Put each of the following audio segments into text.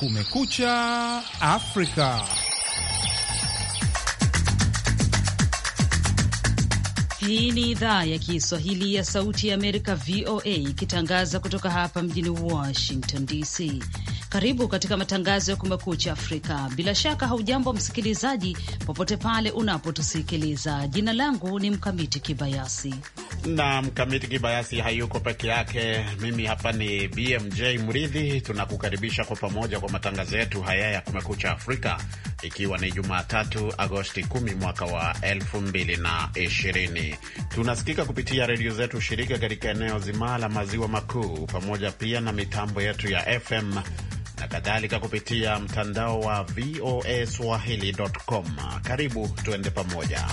Kumekucha Afrika. Hii ni idhaa ya Kiswahili ya Sauti ya Amerika, VOA, ikitangaza kutoka hapa mjini Washington DC. Karibu katika matangazo ya kumekucha Afrika. Bila shaka haujambo msikilizaji, popote pale unapotusikiliza. Jina langu ni Mkamiti Kibayasi na mkamiti kibayasi hayuko peke yake. Mimi hapa ni BMJ Mridhi, tunakukaribisha kwa pamoja kwa matangazo yetu haya ya Kumekucha Afrika, ikiwa ni Jumatatu Agosti 10 mwaka wa 2020. Tunasikika kupitia redio zetu shirika katika eneo zima la maziwa makuu, pamoja pia na mitambo yetu ya FM na kadhalika kupitia mtandao wa voa swahili.com. Karibu tuende pamoja.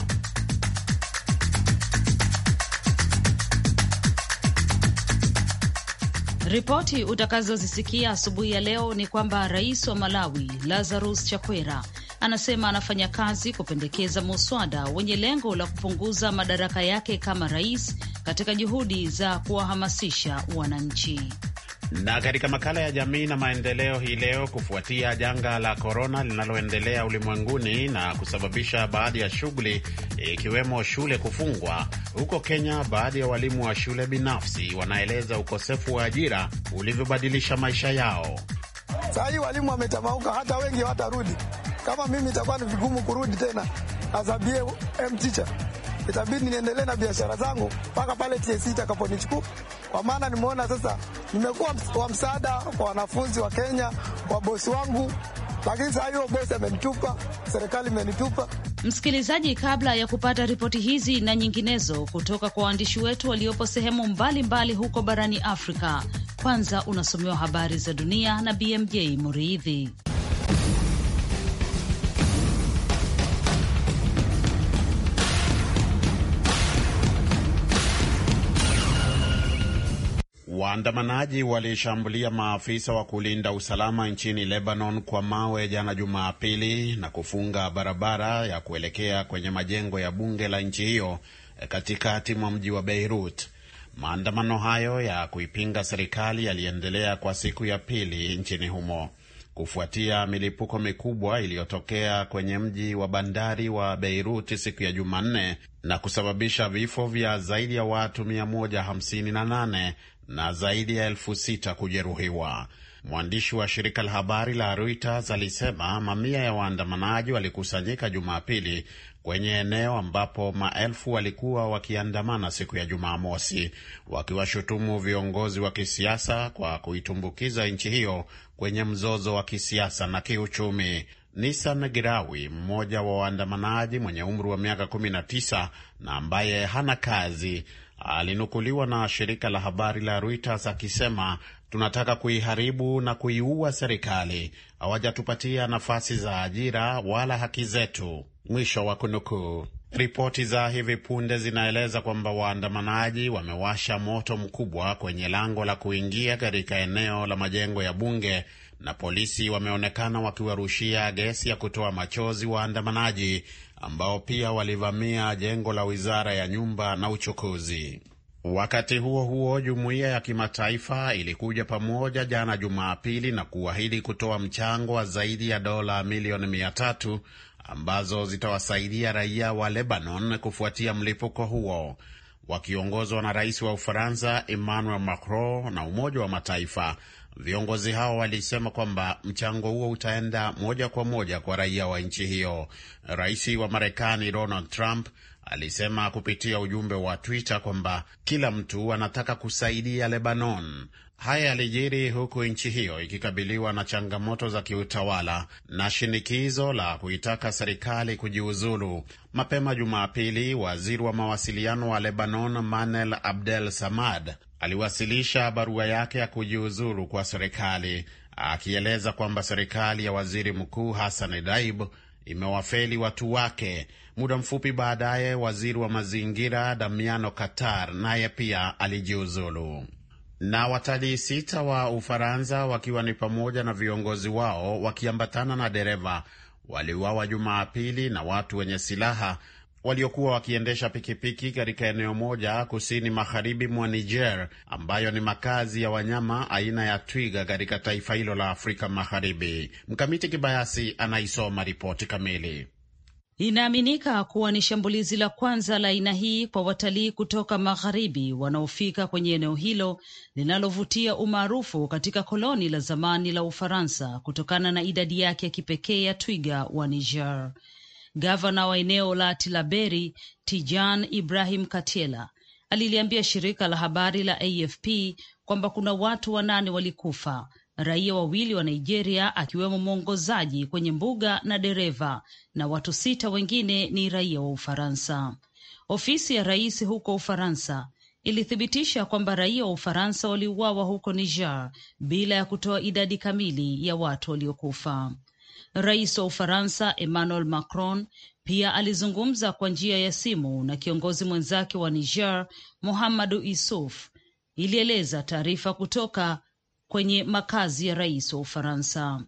Ripoti utakazozisikia asubuhi ya leo ni kwamba rais wa Malawi Lazarus Chakwera anasema anafanya kazi kupendekeza muswada wenye lengo la kupunguza madaraka yake kama rais katika juhudi za kuwahamasisha wananchi. Na katika makala ya jamii na maendeleo hii leo, kufuatia janga la korona linaloendelea ulimwenguni na kusababisha baadhi ya shughuli ikiwemo shule kufungwa, huko Kenya, baadhi ya walimu wa shule binafsi wanaeleza ukosefu wa ajira ulivyobadilisha maisha yao. Saa hii walimu wametamauka, hata wengi hawatarudi. Kama mimi itakuwa ni vigumu kurudi tena asabie mticha itabidi niendelee na biashara zangu mpaka pale TSC itakaponichukua, kwa maana nimeona sasa nimekuwa wa msaada kwa wanafunzi wa Kenya, kwa bosi wangu, lakini saa hiyo bosi amenitupa, serikali imenitupa. Msikilizaji, kabla ya kupata ripoti hizi na nyinginezo kutoka kwa waandishi wetu waliopo sehemu mbalimbali mbali huko barani Afrika, kwanza unasomewa habari za dunia na BMJ Muridhi. Waandamanaji walishambulia maafisa wa kulinda usalama nchini Lebanon kwa mawe jana Jumapili na kufunga barabara ya kuelekea kwenye majengo ya bunge la nchi hiyo eh, katikati mwa mji wa Beirut. Maandamano hayo ya kuipinga serikali yaliendelea kwa siku ya pili nchini humo kufuatia milipuko mikubwa iliyotokea kwenye mji wa bandari wa Beirut siku ya Jumanne na kusababisha vifo vya zaidi ya watu 158 na zaidi ya elfu sita kujeruhiwa. Mwandishi wa shirika la habari la Reuters alisema mamia ya waandamanaji walikusanyika Jumapili kwenye eneo ambapo maelfu walikuwa wakiandamana siku ya Jumamosi, wakiwashutumu viongozi wa kisiasa kwa kuitumbukiza nchi hiyo kwenye mzozo wa kisiasa na kiuchumi. Nisan Girawi, mmoja wa waandamanaji mwenye umri wa miaka 19 na ambaye hana kazi alinukuliwa na shirika la habari la Reuters akisema tunataka kuiharibu na kuiua serikali, hawajatupatia nafasi za ajira wala haki zetu, mwisho wa kunukuu. Ripoti za hivi punde zinaeleza kwamba waandamanaji wamewasha moto mkubwa kwenye lango la kuingia katika eneo la majengo ya bunge na polisi wameonekana wakiwarushia gesi ya kutoa machozi waandamanaji ambao pia walivamia jengo la wizara ya nyumba na uchukuzi. Wakati huo huo, jumuiya ya kimataifa ilikuja pamoja jana Jumapili na kuahidi kutoa mchango wa zaidi ya dola milioni mia tatu ambazo zitawasaidia raia wa Lebanon kufuatia mlipuko huo. Wakiongozwa na rais wa Ufaransa Emmanuel Macron na Umoja wa Mataifa Viongozi hao walisema kwamba mchango huo utaenda moja kwa moja kwa raia wa nchi hiyo. Rais wa Marekani Donald Trump alisema kupitia ujumbe wa Twitter kwamba kila mtu anataka kusaidia Lebanon. Haya yalijiri huku nchi hiyo ikikabiliwa na changamoto za kiutawala na shinikizo la kuitaka serikali kujiuzulu. Mapema Jumapili, waziri wa mawasiliano wa Lebanon Manel Abdel Samad aliwasilisha barua yake ya kujiuzulu kwa serikali akieleza kwamba serikali ya waziri mkuu Hassan Daib imewafeli watu wake. Muda mfupi baadaye, waziri wa mazingira Damiano Katar naye pia alijiuzulu. Na watalii sita wa Ufaransa wakiwa ni pamoja na viongozi wao wakiambatana na dereva waliuawa Jumapili na watu wenye silaha waliokuwa wakiendesha pikipiki katika eneo moja kusini magharibi mwa Niger, ambayo ni makazi ya wanyama aina ya twiga katika taifa hilo la Afrika Magharibi. Mkamiti Kibayasi anaisoma ripoti kamili. Inaaminika kuwa ni shambulizi la kwanza la aina hii kwa watalii kutoka magharibi wanaofika kwenye eneo hilo linalovutia umaarufu katika koloni la zamani la Ufaransa kutokana na idadi yake ya kipekee ya twiga wa Niger. Gavana wa eneo la Tilaberi Tijan Ibrahim Katiela aliliambia shirika la habari la AFP kwamba kuna watu wanane walikufa, raia wawili wa Nigeria akiwemo mwongozaji kwenye mbuga na dereva, na watu sita wengine ni raia wa Ufaransa. Ofisi ya rais huko Ufaransa ilithibitisha kwamba raia wa Ufaransa waliuawa huko Niger bila ya kutoa idadi kamili ya watu waliokufa. Rais wa Ufaransa Emmanuel Macron pia alizungumza kwa njia ya simu na kiongozi mwenzake wa Niger Mohamadu Isuf, ilieleza taarifa kutoka kwenye makazi ya rais wa Ufaransa.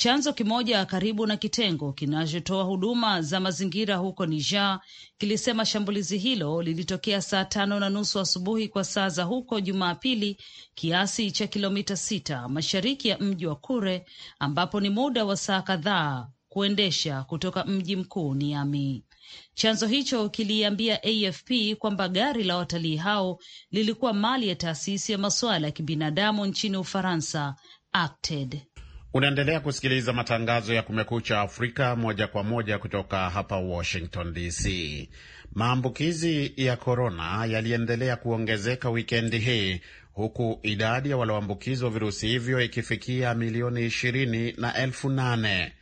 Chanzo kimoja karibu na kitengo kinachotoa huduma za mazingira huko Niger kilisema shambulizi hilo lilitokea saa tano na nusu asubuhi kwa saa za huko Jumapili, kiasi cha kilomita sita mashariki ya mji wa Kure, ambapo ni muda wa saa kadhaa kuendesha kutoka mji mkuu Niamey. Chanzo hicho kiliambia AFP kwamba gari la watalii hao lilikuwa mali ya taasisi ya masuala ya kibinadamu nchini Ufaransa, Acted. Unaendelea kusikiliza matangazo ya Kumekucha Afrika moja kwa moja kutoka hapa Washington DC. Maambukizi ya korona yaliendelea kuongezeka wikendi hii huku idadi ya walioambukizwa virusi hivyo ikifikia milioni 2 na elfu nane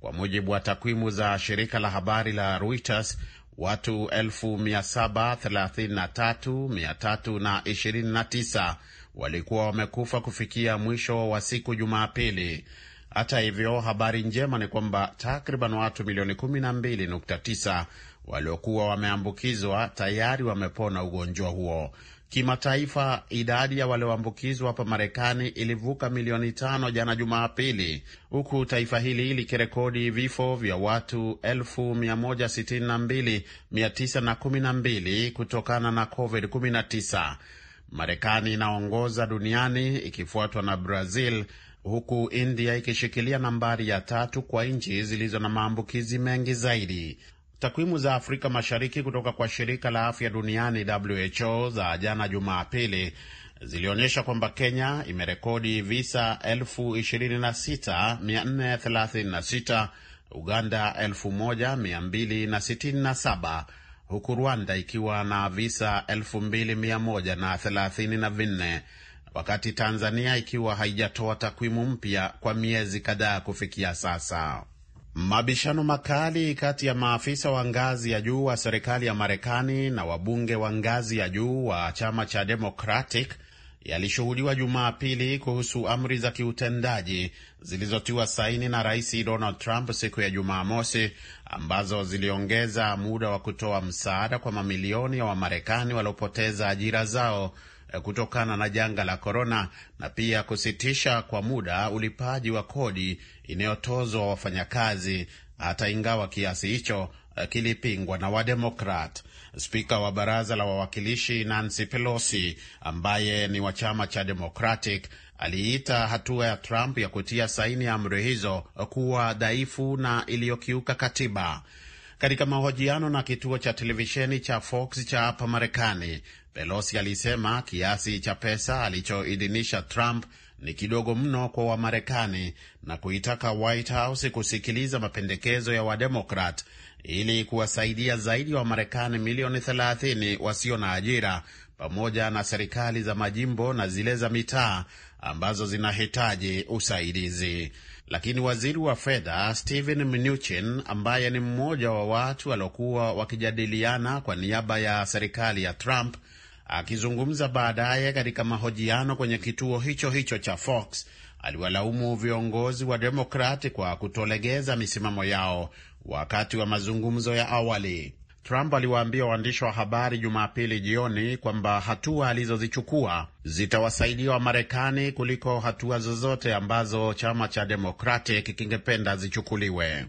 kwa mujibu wa takwimu za shirika la habari la Reuters. Watu 733,329 walikuwa wamekufa kufikia mwisho wa siku Jumapili. Hata hivyo, habari njema ni kwamba takriban watu milioni 12.9 waliokuwa wameambukizwa tayari wamepona ugonjwa huo. Kimataifa, idadi ya walioambukizwa hapa Marekani ilivuka milioni tano jana Jumapili, huku taifa hili likirekodi vifo vya watu 162912 kutokana na COVID-19. Marekani inaongoza duniani ikifuatwa na Brazil, huku India ikishikilia nambari ya tatu kwa nchi zilizo na maambukizi mengi zaidi. Takwimu za Afrika Mashariki kutoka kwa shirika la afya duniani WHO za jana Jumapili zilionyesha kwamba Kenya imerekodi visa 26436, Uganda 1267 huku Rwanda ikiwa na visa 2134 wakati Tanzania ikiwa haijatoa takwimu mpya kwa miezi kadhaa kufikia sasa. Mabishano makali kati ya maafisa wa ngazi ya juu wa serikali ya Marekani na wabunge wa ngazi ya juu wa chama cha Democratic yalishuhudiwa Jumapili kuhusu amri za kiutendaji zilizotiwa saini na Rais Donald Trump siku ya Jumamosi ambazo ziliongeza muda wa kutoa msaada kwa mamilioni ya Wamarekani waliopoteza ajira zao eh, kutokana na janga la korona na pia kusitisha kwa muda ulipaji wa kodi inayotozwa wafanyakazi hata ingawa kiasi hicho kilipingwa na Wademokrat. Spika wa baraza la wawakilishi Nancy Pelosi ambaye ni wa chama cha Democratic aliita hatua ya Trump ya kutia saini ya amri hizo kuwa dhaifu na iliyokiuka katiba. Katika mahojiano na kituo cha televisheni cha Fox cha hapa Marekani, Pelosi alisema kiasi cha pesa alichoidhinisha Trump ni kidogo mno kwa Wamarekani na kuitaka White House kusikiliza mapendekezo ya Wademokrat ili kuwasaidia zaidi ya Wamarekani milioni 30 wasio na ajira pamoja na serikali za majimbo na zile za mitaa ambazo zinahitaji usaidizi. Lakini waziri wa fedha Steven Mnuchin, ambaye ni mmoja wa watu waliokuwa wakijadiliana kwa niaba ya serikali ya Trump, akizungumza baadaye katika mahojiano kwenye kituo hicho hicho cha Fox aliwalaumu viongozi wa Demokrati kwa kutolegeza misimamo yao wakati wa mazungumzo ya awali. Trump aliwaambia waandishi wa habari Jumapili jioni kwamba hatua alizozichukua zitawasaidia Wamarekani kuliko hatua zozote ambazo chama cha Demokratic kingependa zichukuliwe.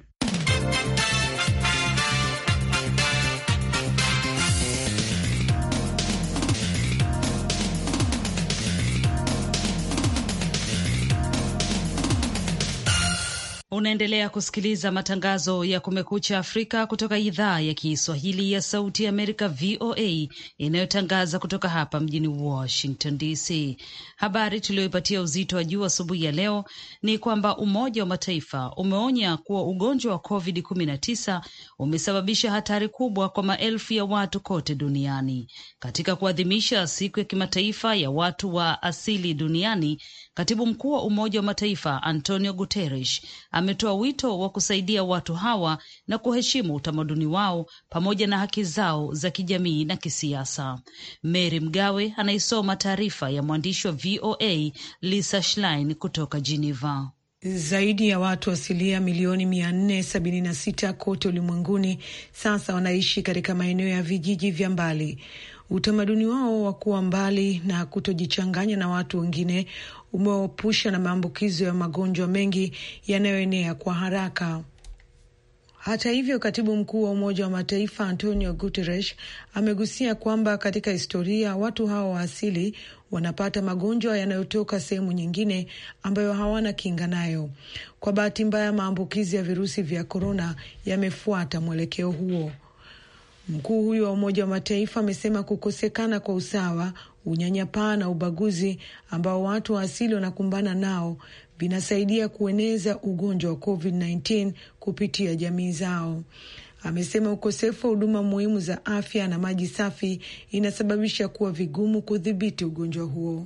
Unaendelea kusikiliza matangazo ya Kumekucha Afrika kutoka idhaa ya Kiswahili ya Sauti ya Amerika, VOA, inayotangaza kutoka hapa mjini Washington DC. Habari tuliyoipatia uzito wa juu asubuhi ya leo ni kwamba Umoja wa Mataifa umeonya kuwa ugonjwa wa COVID-19 umesababisha hatari kubwa kwa maelfu ya watu kote duniani. Katika kuadhimisha siku ya kimataifa ya watu wa asili duniani Katibu mkuu wa Umoja wa Mataifa Antonio Guterres ametoa wito wa kusaidia watu hawa na kuheshimu utamaduni wao pamoja na haki zao za kijamii na kisiasa. Mary Mgawe anaisoma taarifa ya mwandishi wa VOA Lisa Schlein kutoka Geneva. Zaidi ya watu asilia milioni 476 kote ulimwenguni sasa wanaishi katika maeneo ya vijiji vya mbali. Utamaduni wao wa kuwa mbali na kutojichanganya na watu wengine umewaepusha na maambukizo ya magonjwa mengi yanayoenea kwa haraka. Hata hivyo, katibu mkuu wa Umoja wa Mataifa Antonio Guterres amegusia kwamba katika historia watu hawa wa asili wanapata magonjwa yanayotoka sehemu nyingine ambayo hawana kinga nayo. Kwa bahati mbaya, maambukizi ya virusi vya korona yamefuata mwelekeo huo. Mkuu huyo wa Umoja wa Mataifa amesema kukosekana kwa usawa unyanyapaa na ubaguzi ambao watu wa asili wanakumbana nao vinasaidia kueneza ugonjwa wa COVID-19 kupitia jamii zao amesema ukosefu wa huduma muhimu za afya na maji safi inasababisha kuwa vigumu kudhibiti ugonjwa huo.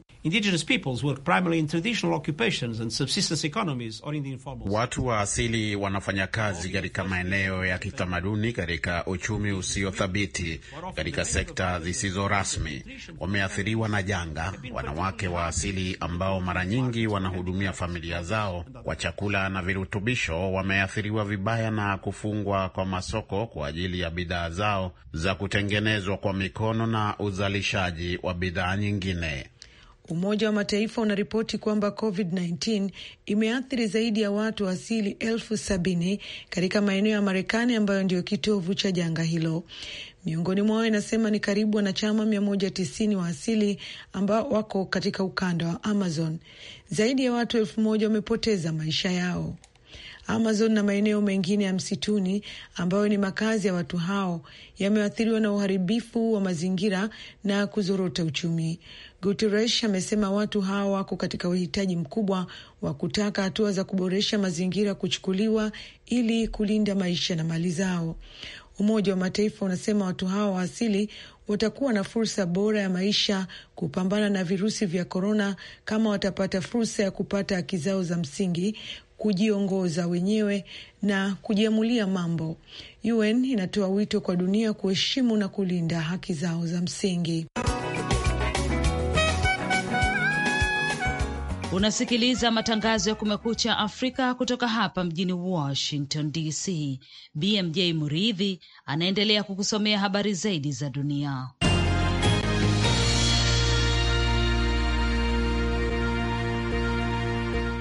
Watu wa asili wanafanya kazi katika maeneo ya kitamaduni, katika uchumi usio thabiti, katika sekta zisizo rasmi. Wameathiriwa na janga, wanawake wa asili ambao mara nyingi wanahudumia familia zao kwa chakula na virutubisho, wameathiriwa vibaya na kufungwa kwa maso masoko kwa ajili ya bidhaa zao za kutengenezwa kwa mikono na uzalishaji wa bidhaa nyingine. Umoja wa Mataifa unaripoti kwamba COVID-19 imeathiri zaidi ya watu asili elfu sabini katika maeneo ya Marekani ambayo ndiyo kitovu cha janga hilo. Miongoni mwao inasema ni karibu wanachama 190 wa asili ambao wako katika ukanda wa Amazon. Zaidi ya watu elfu moja wamepoteza maisha yao. Amazon na maeneo mengine ya msituni ambayo ni makazi ya watu hao yameathiriwa na uharibifu wa mazingira na kuzorota uchumi. Guterres amesema watu hawa wako katika uhitaji mkubwa wa kutaka hatua za kuboresha mazingira kuchukuliwa ili kulinda maisha na mali zao. Umoja wa Mataifa unasema watu hawa wa asili watakuwa na fursa bora ya maisha kupambana na virusi vya korona kama watapata fursa ya kupata haki zao za msingi, kujiongoza wenyewe na kujiamulia mambo. UN inatoa wito kwa dunia kuheshimu na kulinda haki zao za msingi. Unasikiliza matangazo ya Kumekucha Afrika kutoka hapa mjini Washington DC. BMJ Muridhi anaendelea kukusomea habari zaidi za dunia.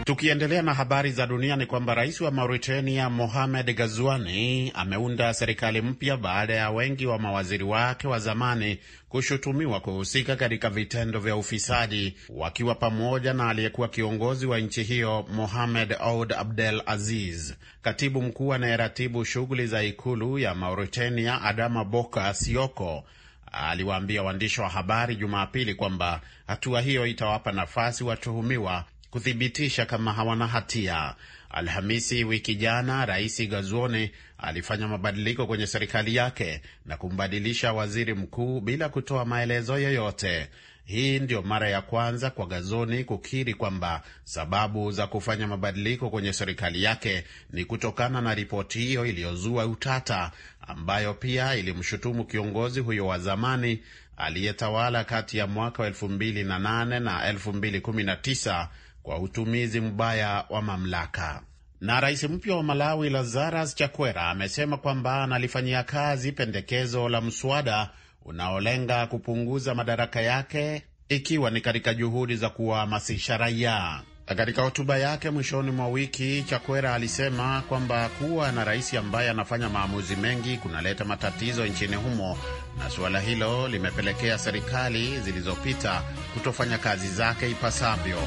Tukiendelea na habari za dunia ni kwamba rais wa Mauritania Mohamed gazuani ameunda serikali mpya baada ya wengi wa mawaziri wake wa zamani kushutumiwa kuhusika katika vitendo vya ufisadi wakiwa pamoja na aliyekuwa kiongozi wa nchi hiyo Mohamed Ould Abdel Aziz. Katibu mkuu anayeratibu shughuli za ikulu ya Mauritania Adama Boka Sioko aliwaambia waandishi wa habari Jumapili kwamba hatua hiyo itawapa nafasi watuhumiwa kuthibitisha kama hawana hatia. Alhamisi wiki jana, Rais Gazuone alifanya mabadiliko kwenye serikali yake na kumbadilisha waziri mkuu bila kutoa maelezo yoyote. Hii ndiyo mara ya kwanza kwa Gazoni kukiri kwamba sababu za kufanya mabadiliko kwenye serikali yake ni kutokana na ripoti hiyo iliyozua utata, ambayo pia ilimshutumu kiongozi huyo wa zamani aliyetawala kati ya mwaka wa 2008 na 2019 kwa utumizi mbaya wa mamlaka. Na rais mpya wa Malawi Lazarus Chakwera amesema kwamba analifanyia kazi pendekezo la mswada unaolenga kupunguza madaraka yake ikiwa ni katika juhudi za kuwahamasisha raia. Katika hotuba yake mwishoni mwa wiki, Chakwera alisema kwamba kuwa na rais ambaye anafanya maamuzi mengi kunaleta matatizo nchini humo, na suala hilo limepelekea serikali zilizopita kutofanya kazi zake ipasavyo.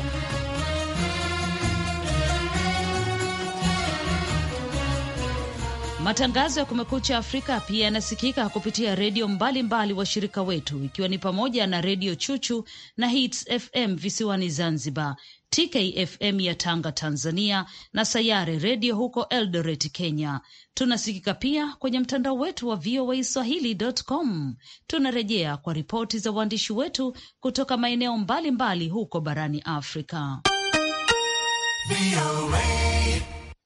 Matangazo ya Kumekucha Afrika pia yanasikika kupitia redio mbalimbali washirika wetu, ikiwa ni pamoja na Redio Chuchu na Hits FM visiwani Zanzibar, TKFM ya Tanga, Tanzania, na Sayare Redio huko Eldoret, Kenya. Tunasikika pia kwenye mtandao wetu wa VOA Swahili.com. Tunarejea kwa ripoti za waandishi wetu kutoka maeneo mbalimbali huko barani Afrika. VOA.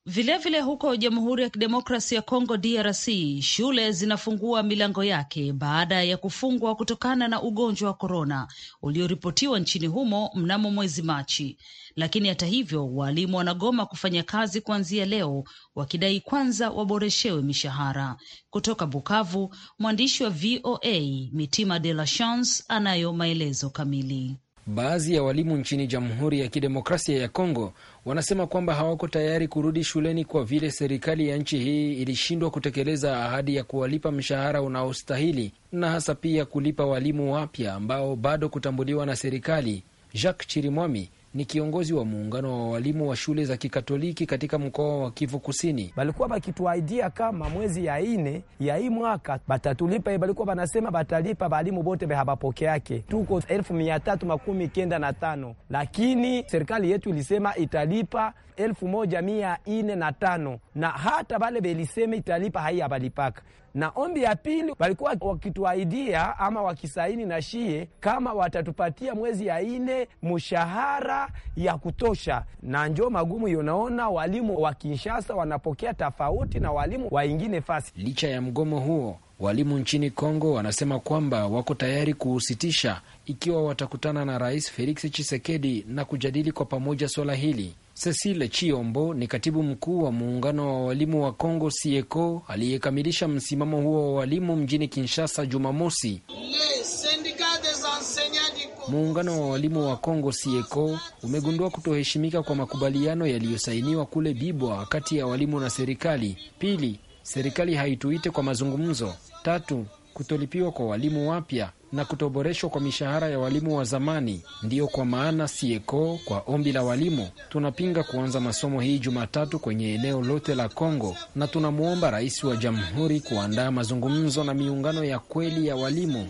Vilevile vile huko Jamhuri ya Kidemokrasi ya Kongo DRC, shule zinafungua milango yake baada ya kufungwa kutokana na ugonjwa wa korona ulioripotiwa nchini humo mnamo mwezi Machi. Lakini hata hivyo, waalimu wanagoma kufanya kazi kuanzia leo, wakidai kwanza waboreshewe mishahara. Kutoka Bukavu, mwandishi wa VOA Mitima de la Chance anayo maelezo kamili. Baadhi ya walimu nchini Jamhuri ya Kidemokrasia ya Kongo wanasema kwamba hawako tayari kurudi shuleni kwa vile serikali ya nchi hii ilishindwa kutekeleza ahadi ya kuwalipa mshahara unaostahili na hasa pia kulipa walimu wapya ambao bado kutambuliwa na serikali. Jacques Chirimwami ni kiongozi wa muungano wa walimu wa shule za Kikatoliki katika mkoa wa Kivu Kusini. Balikuwa bakituaidia kama mwezi ya ine ya hii mwaka batatulipa, eh, balikuwa banasema batalipa balimu bote behabapoke yake tuko elfu mia tatu makumi kenda na tano, lakini serikali yetu ilisema italipa elfu moja mia ine na tano na hata vale veliseme italipa hai avalipaka. Na ombi ya pili walikuwa wakituaidia ama wakisaini na shie kama watatupatia mwezi ya ine mshahara ya kutosha, na njo magumu yonaona walimu wa Kinshasa wanapokea tofauti na walimu wa ingine fasi. Licha ya mgomo huo Walimu nchini Kongo wanasema kwamba wako tayari kuusitisha ikiwa watakutana na Rais Felix Tshisekedi na kujadili kwa pamoja swala hili. Cecile Chiombo ni katibu mkuu wa muungano wa walimu wa Kongo Sieco, aliyekamilisha msimamo huo wa walimu mjini Kinshasa Jumamosi. Muungano wa walimu wa Kongo Sieco umegundua kutoheshimika kwa makubaliano yaliyosainiwa kule Bibwa kati ya walimu na serikali. Pili, serikali haituite kwa mazungumzo. Tatu, kutolipiwa kwa walimu wapya na kutoboreshwa kwa mishahara ya walimu wa zamani. Ndiyo kwa maana sieko kwa ombi la walimu tunapinga kuanza masomo hii Jumatatu kwenye eneo lote la Kongo, na tunamwomba rais wa jamhuri kuandaa mazungumzo na miungano ya kweli ya walimu.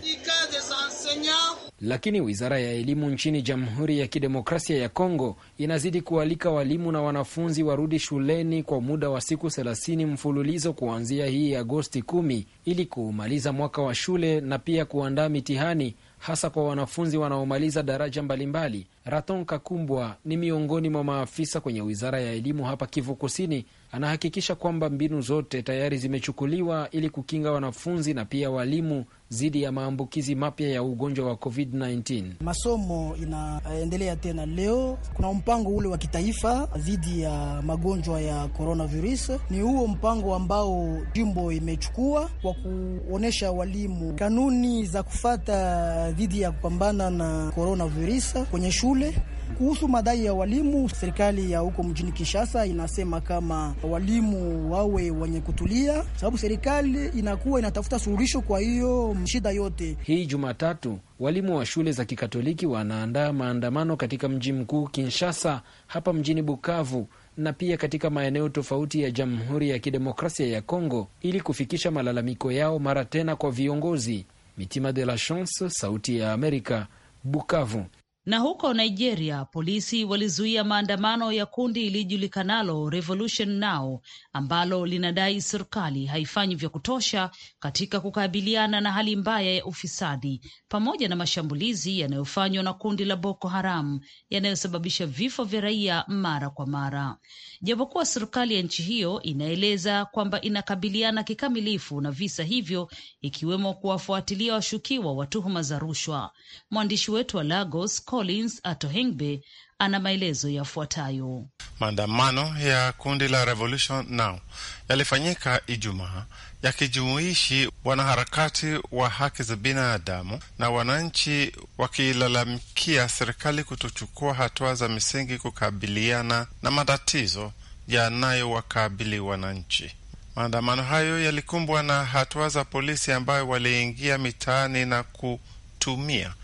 Lakini wizara ya elimu nchini Jamhuri ya Kidemokrasia ya Kongo inazidi kualika walimu na wanafunzi warudi shuleni kwa muda wa siku 30 mfululizo kuanzia hii Agosti 1 ili kuumaliza mwaka wa shule na pia kuandaa mitihani hasa kwa wanafunzi wanaomaliza daraja mbalimbali mbali. Raton Kakumbwa ni miongoni mwa maafisa kwenye wizara ya elimu hapa Kivu Kusini, anahakikisha kwamba mbinu zote tayari zimechukuliwa ili kukinga wanafunzi na pia walimu dhidi ya maambukizi mapya ya ugonjwa wa COVID-19. Masomo inaendelea tena leo. Kuna mpango ule wa kitaifa dhidi ya magonjwa ya coronavirus. Ni huo mpango ambao jimbo imechukua kwa kuonyesha walimu kanuni za kufata dhidi ya kupambana na coronavirus kwenye shule shule. Kuhusu madai ya walimu, serikali ya huko mjini Kinshasa inasema kama walimu wawe wenye kutulia, sababu serikali inakuwa inatafuta suluhisho kwa hiyo shida yote. Hii Jumatatu walimu wa shule za Kikatoliki wanaandaa maandamano katika mji mkuu Kinshasa, hapa mjini Bukavu na pia katika maeneo tofauti ya Jamhuri ya Kidemokrasia ya Kongo ili kufikisha malalamiko yao mara tena kwa viongozi. Mitima de la Chance, Sauti ya Amerika, Bukavu. Na huko Nigeria, polisi walizuia maandamano ya kundi lilijulikanalo Revolution Now ambalo linadai serikali haifanyi vya kutosha katika kukabiliana na hali mbaya ya ufisadi pamoja na mashambulizi yanayofanywa na kundi la Boko Haram yanayosababisha vifo vya raia mara kwa mara. Japokuwa serikali ya nchi hiyo inaeleza kwamba inakabiliana kikamilifu na visa hivyo, ikiwemo kuwafuatilia washukiwa wa tuhuma za rushwa. Mwandishi wetu wa Lagos Collins Atohengbe ana maelezo yafuatayo. Maandamano ya kundi la Revolution Now yalifanyika Ijumaa yakijumuishi wanaharakati wa haki za binadamu na wananchi wakilalamikia serikali kutochukua hatua za misingi kukabiliana na matatizo yanayowakabili wananchi. Maandamano hayo yalikumbwa na hatua za polisi ambayo waliingia mitaani na kutumia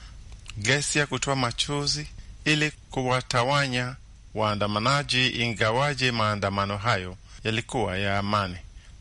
gesi ya kutoa machozi ili kuwatawanya waandamanaji, ingawaje maandamano hayo yalikuwa ya amani.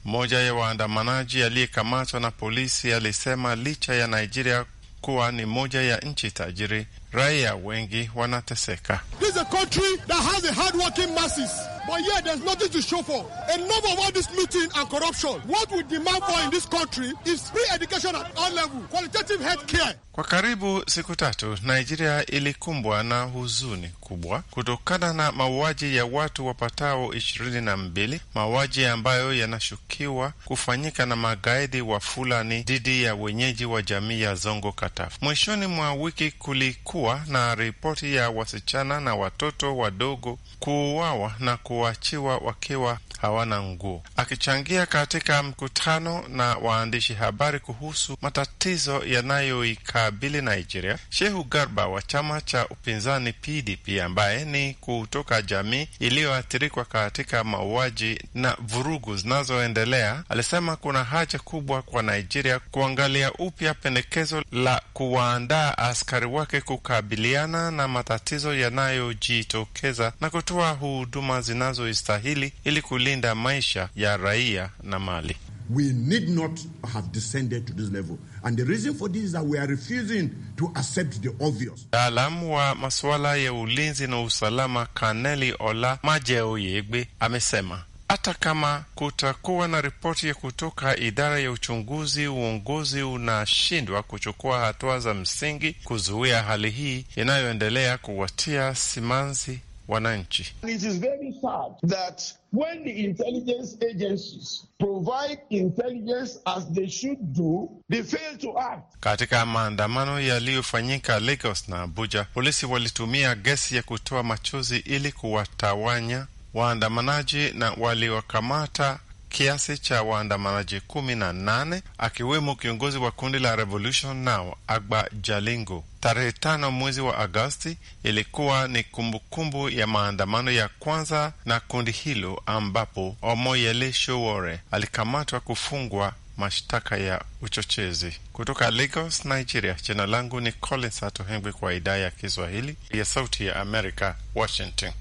Mmoja ya waandamanaji aliyekamatwa na polisi alisema licha ya Nigeria kuwa ni moja ya nchi tajiri, raia wengi wanateseka. This is a country that has a masses. But yet, there's nothing to show for. Enough of all this looting and corruption. What we demand for in this country is free education at all levels, qualitative health care. Kwa karibu siku tatu, Nigeria ilikumbwa na huzuni kubwa kutokana na mauaji ya watu wapatao ishirini na mbili, mauaji ambayo yanashukiwa kufanyika na magaidi wa Fulani dhidi ya wenyeji wa jamii ya Zongo Kataf. Mwishoni mwa wiki kulikuwa na ripoti ya wasichana na watoto wadogo kuuawa na ku kuachiwa wakiwa hawana nguo. Akichangia katika mkutano na waandishi habari kuhusu matatizo yanayoikabili Nigeria, Shehu Garba wa chama cha upinzani PDP ambaye ni kutoka jamii iliyoathirikwa katika mauaji na vurugu zinazoendelea alisema kuna haja kubwa kwa Nigeria kuangalia upya pendekezo la kuwaandaa askari wake kukabiliana na matatizo yanayojitokeza na kutoa huduma zina zinazoistahili ili kulinda maisha ya raia na mali. We need not have descended to this level. And the reason for this is that we are refusing to accept the obvious. Mtaalamu wa masuala ya ulinzi na usalama Kaneli Ola Majeo Yegbe amesema hata kama kutakuwa na ripoti ya kutoka idara ya uchunguzi, uongozi unashindwa kuchukua hatua za msingi kuzuia hali hii inayoendelea kuwatia simanzi wananchi. It is very sad that when the intelligence agencies provide intelligence as they should do, they fail to act. Katika maandamano yaliyofanyika Lagos na Abuja, polisi walitumia gesi ya kutoa machozi ili kuwatawanya waandamanaji na waliwakamata kiasi cha waandamanaji kumi na nane akiwemo kiongozi wa kundi la Revolution Now Agba Jalingo. Tarehe tano mwezi wa Agosti ilikuwa ni kumbukumbu kumbu ya maandamano ya kwanza na kundi hilo ambapo Omoyele Sowore alikamatwa kufungwa mashtaka ya uchochezi. Kutoka Lagos, Nigeria, jina langu ni Collins Atohengwi kwa idhaa ya Kiswahili ya Sauti ya Amerika, Washington.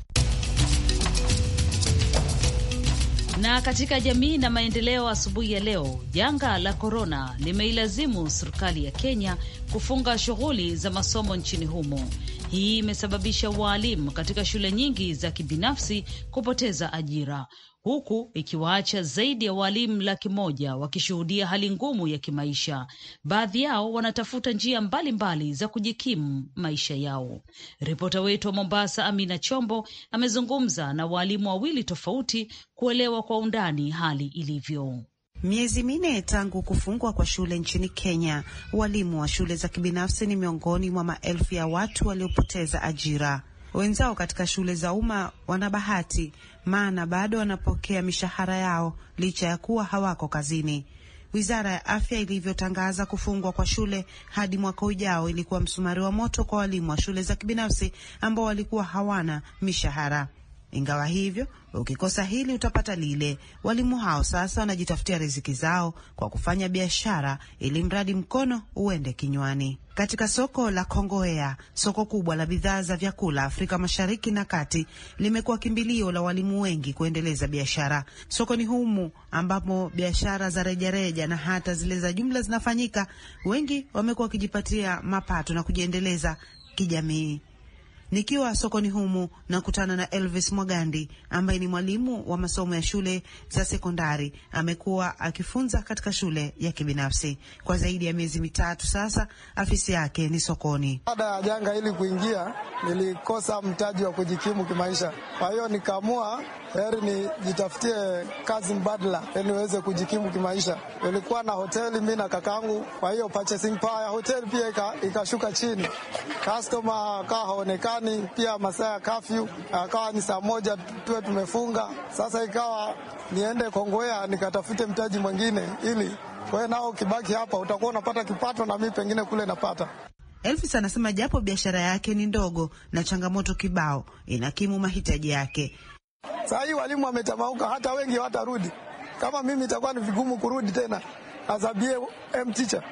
Na katika jamii na maendeleo, asubuhi ya leo, janga la korona limeilazimu serikali ya Kenya kufunga shughuli za masomo nchini humo. Hii imesababisha waalimu katika shule nyingi za kibinafsi kupoteza ajira huku ikiwaacha zaidi ya waalimu laki moja wakishuhudia hali ngumu ya kimaisha. Baadhi yao wanatafuta njia mbalimbali mbali za kujikimu maisha yao. Ripota wetu wa Mombasa, Amina Chombo, amezungumza na waalimu wawili tofauti kuelewa kwa undani hali ilivyo. Miezi minne tangu kufungwa kwa shule nchini Kenya, walimu wa shule za kibinafsi ni miongoni mwa maelfu ya watu waliopoteza ajira. Wenzao katika shule za umma wana bahati maana bado wanapokea mishahara yao licha ya kuwa hawako kazini. Wizara ya Afya ilivyotangaza kufungwa kwa shule hadi mwaka ujao ilikuwa msumari wa moto kwa walimu wa shule za kibinafsi ambao walikuwa hawana mishahara. Ingawa hivyo, ukikosa hili utapata lile. Walimu hao sasa wanajitafutia riziki zao kwa kufanya biashara, ili mradi mkono uende kinywani. Katika soko la Kongowea, soko kubwa la bidhaa za vyakula Afrika Mashariki na Kati, limekuwa kimbilio la walimu wengi kuendeleza biashara sokoni humu, ambapo biashara za rejareja na hata zile za jumla zinafanyika. Wengi wamekuwa wakijipatia mapato na kujiendeleza kijamii. Nikiwa sokoni humu nakutana na Elvis Mwagandi ambaye ni mwalimu wa masomo ya shule za sekondari. Amekuwa akifunza katika shule ya kibinafsi kwa zaidi ya miezi mitatu sasa. Afisi yake ni sokoni. Baada ya janga hili kuingia, nilikosa mtaji wa kujikimu kimaisha, kwa hiyo nikaamua heri nijitafutie kazi mbadala ili niweze kujikimu kimaisha. Nilikuwa na hoteli mi na kakangu, kwa hiyo purchasing power ya hoteli pia ikashuka chini, customer kaa haonekani nyumbani, pia masaa ya kafyu, akawa ni saa moja tuwe tumefunga. Sasa ikawa niende Kongowea nikatafute mtaji mwingine, ili wewe nao ukibaki hapa utakuwa unapata kipato na mi pengine kule napata Elvis anasema japo biashara yake ni ndogo na changamoto kibao, inakimu mahitaji yake. Saa hii walimu wametamauka, hata wengi watarudi. Kama mimi itakuwa ni vigumu kurudi tena, azabie mticha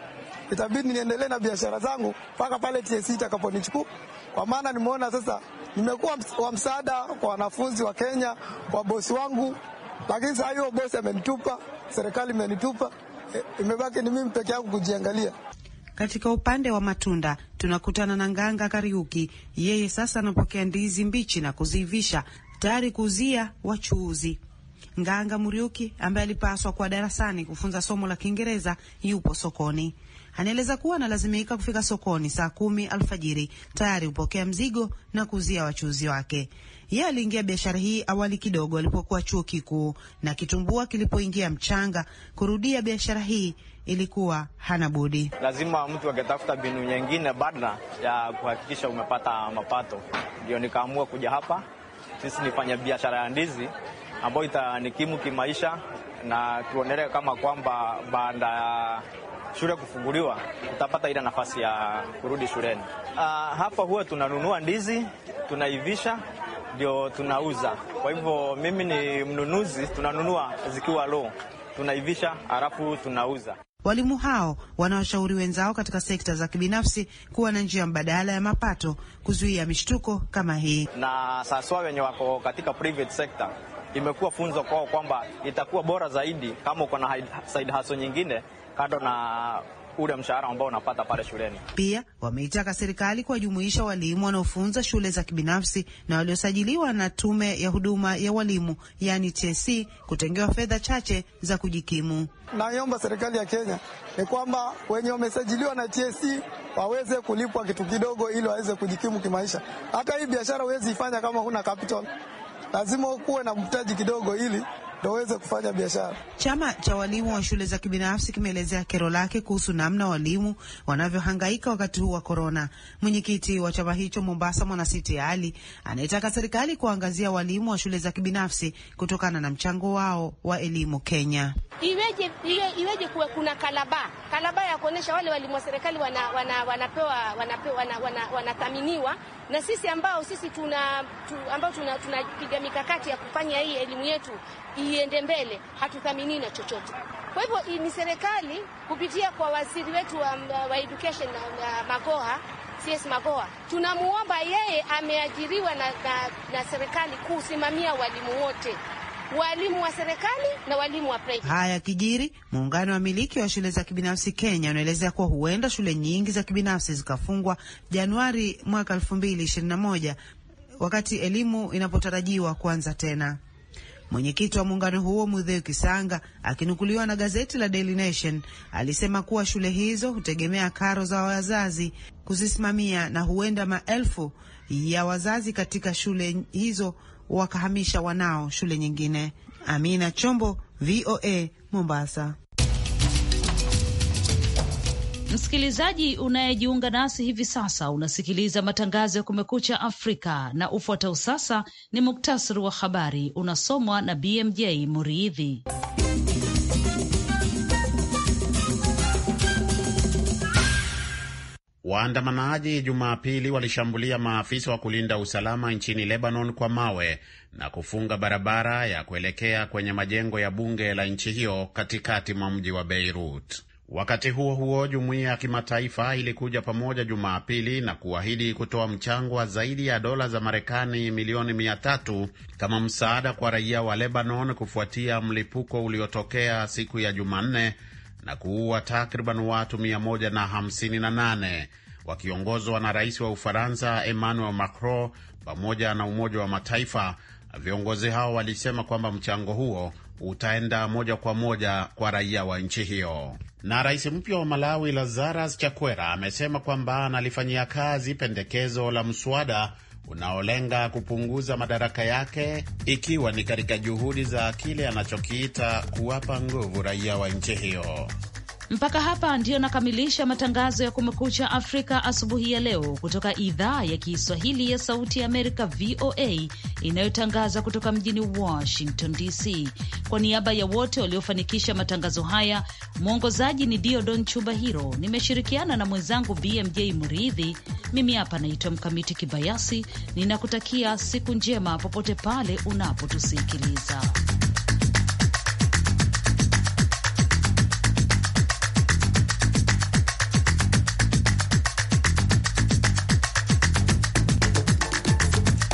itabidi niendelee na biashara zangu mpaka pale TSC itakaponichukua, kwa maana nimeona sasa nimekuwa wa msaada kwa wanafunzi wa Kenya, kwa bosi wangu, lakini saa hiyo bosi amenitupa, serikali imenitupa, e, imebaki ni mimi peke yangu kujiangalia. Katika upande wa matunda tunakutana na Nganga Kariuki. Yeye sasa anapokea ndizi mbichi na kuziivisha tayari kuuzia wachuuzi. Nganga Muriuki ambaye alipaswa kuwa darasani kufunza somo la Kiingereza yupo sokoni. Anaeleza kuwa analazimika kufika sokoni saa kumi alfajiri tayari hupokea mzigo na kuuzia wachuuzi wake. Yeye aliingia biashara hii awali kidogo alipokuwa chuo kikuu, na kitumbua kilipoingia mchanga, kurudia biashara hii ilikuwa hana budi. Lazima mtu akitafuta mbinu nyingine badala ya kuhakikisha umepata mapato, ndio nikaamua kuja hapa. Sisi nifanya biashara ya ndizi ambayo itanikimu kimaisha na tuonelee kama kwamba baada ya shule kufunguliwa tutapata ile nafasi ya kurudi shuleni. Uh, hapa huwa tunanunua ndizi tunaivisha ndio tunauza. Kwa hivyo mimi ni mnunuzi, tunanunua zikiwa low, tunaivisha halafu tunauza. Walimu hao wanawashauri wenzao katika sekta za kibinafsi kuwa na njia mbadala ya mapato kuzuia mishtuko kama hii, na saswa wenye wako katika private sector imekuwa funzo kwao kwamba itakuwa bora zaidi kama uko na side hustle nyingine kando na ule mshahara ambao unapata pale shuleni. Pia wameitaka serikali kuwajumuisha walimu wanaofunza shule za kibinafsi na waliosajiliwa na Tume ya Huduma ya Walimu, yani TSC, e, kutengewa fedha chache za kujikimu. Naiomba serikali ya Kenya ni kwamba wenye wamesajiliwa na TSC e waweze kulipwa kitu kidogo, ili waweze kujikimu kimaisha. Hata hii biashara huwezi ifanya kama huna capital lazima kuwe na mtaji kidogo, ili ndio waweze kufanya biashara. Chama cha walimu wa shule za kibinafsi kimeelezea kero lake kuhusu namna walimu wanavyohangaika wakati huu wa korona. Mwenyekiti wa chama hicho Mombasa, Mwanasiti Ali, anayetaka serikali kuangazia walimu wa shule za kibinafsi kutokana na mchango wao wa elimu Kenya. Iweje, iwe, iweje kuwe kuna kalaba kalaba ya kuonyesha wale walimu wa serikali wana, wana, wanapewa wanathaminiwa wana, wana, wana na sisi ambao sisi tuna, tu, ambao tunapiga tuna mikakati ya kufanya hii elimu yetu i, iende mbele, hatuthamini na chochote. Kwa hivyo ni serikali kupitia kwa waziri wetu wa, um, wa education na um, Magoha CS Magoha, tunamuomba yeye, ameajiriwa na, na, na serikali kusimamia walimu wote walimu wa serikali na walimu wa private. Haya kijiri, muungano wa miliki wa shule za kibinafsi Kenya unaelezea kuwa huenda shule nyingi za kibinafsi zikafungwa Januari mwaka 2021 wakati elimu inapotarajiwa kuanza tena. Mwenyekiti wa muungano huo Mudheu Kisanga, akinukuliwa na gazeti la Daily Nation, alisema kuwa shule hizo hutegemea karo za wazazi kuzisimamia na huenda maelfu ya wazazi katika shule hizo wakahamisha wanao shule nyingine. Amina Chombo, VOA, Mombasa. Msikilizaji unayejiunga nasi hivi sasa, unasikiliza matangazo ya Kumekucha Afrika na ufuatao sasa ni muktasari wa habari unasomwa na BMJ Muridhi. Waandamanaji Jumapili walishambulia maafisa wa kulinda usalama nchini Lebanon kwa mawe na kufunga barabara ya kuelekea kwenye majengo ya bunge la nchi hiyo katikati mwa mji wa Beirut. Wakati huo huo, jumuiya ya kimataifa ilikuja pamoja Jumapili na kuahidi kutoa mchango wa zaidi ya dola za Marekani milioni mia tatu kama msaada kwa raia wa Lebanon kufuatia mlipuko uliotokea siku ya Jumanne na kuua takriban watu 158 wakiongozwa na rais wa Ufaransa Emmanuel Macron pamoja na Umoja wa Mataifa. Viongozi hao walisema kwamba mchango huo utaenda moja kwa moja kwa raia wa nchi hiyo. Na rais mpya wa Malawi Lazarus Chakwera amesema kwamba analifanyia kazi pendekezo la mswada unaolenga kupunguza madaraka yake ikiwa ni katika juhudi za kile anachokiita kuwapa nguvu raia wa nchi hiyo. Mpaka hapa ndiyo nakamilisha matangazo ya Kumekucha Afrika asubuhi ya leo kutoka idhaa ya Kiswahili ya Sauti ya Amerika, VOA, inayotangaza kutoka mjini Washington DC. Kwa niaba ya wote waliofanikisha matangazo haya, mwongozaji ni Diodon Chuba Hiro, nimeshirikiana na mwenzangu BMJ Muridhi. Mimi hapa naitwa Mkamiti Kibayasi, ninakutakia siku njema popote pale unapotusikiliza.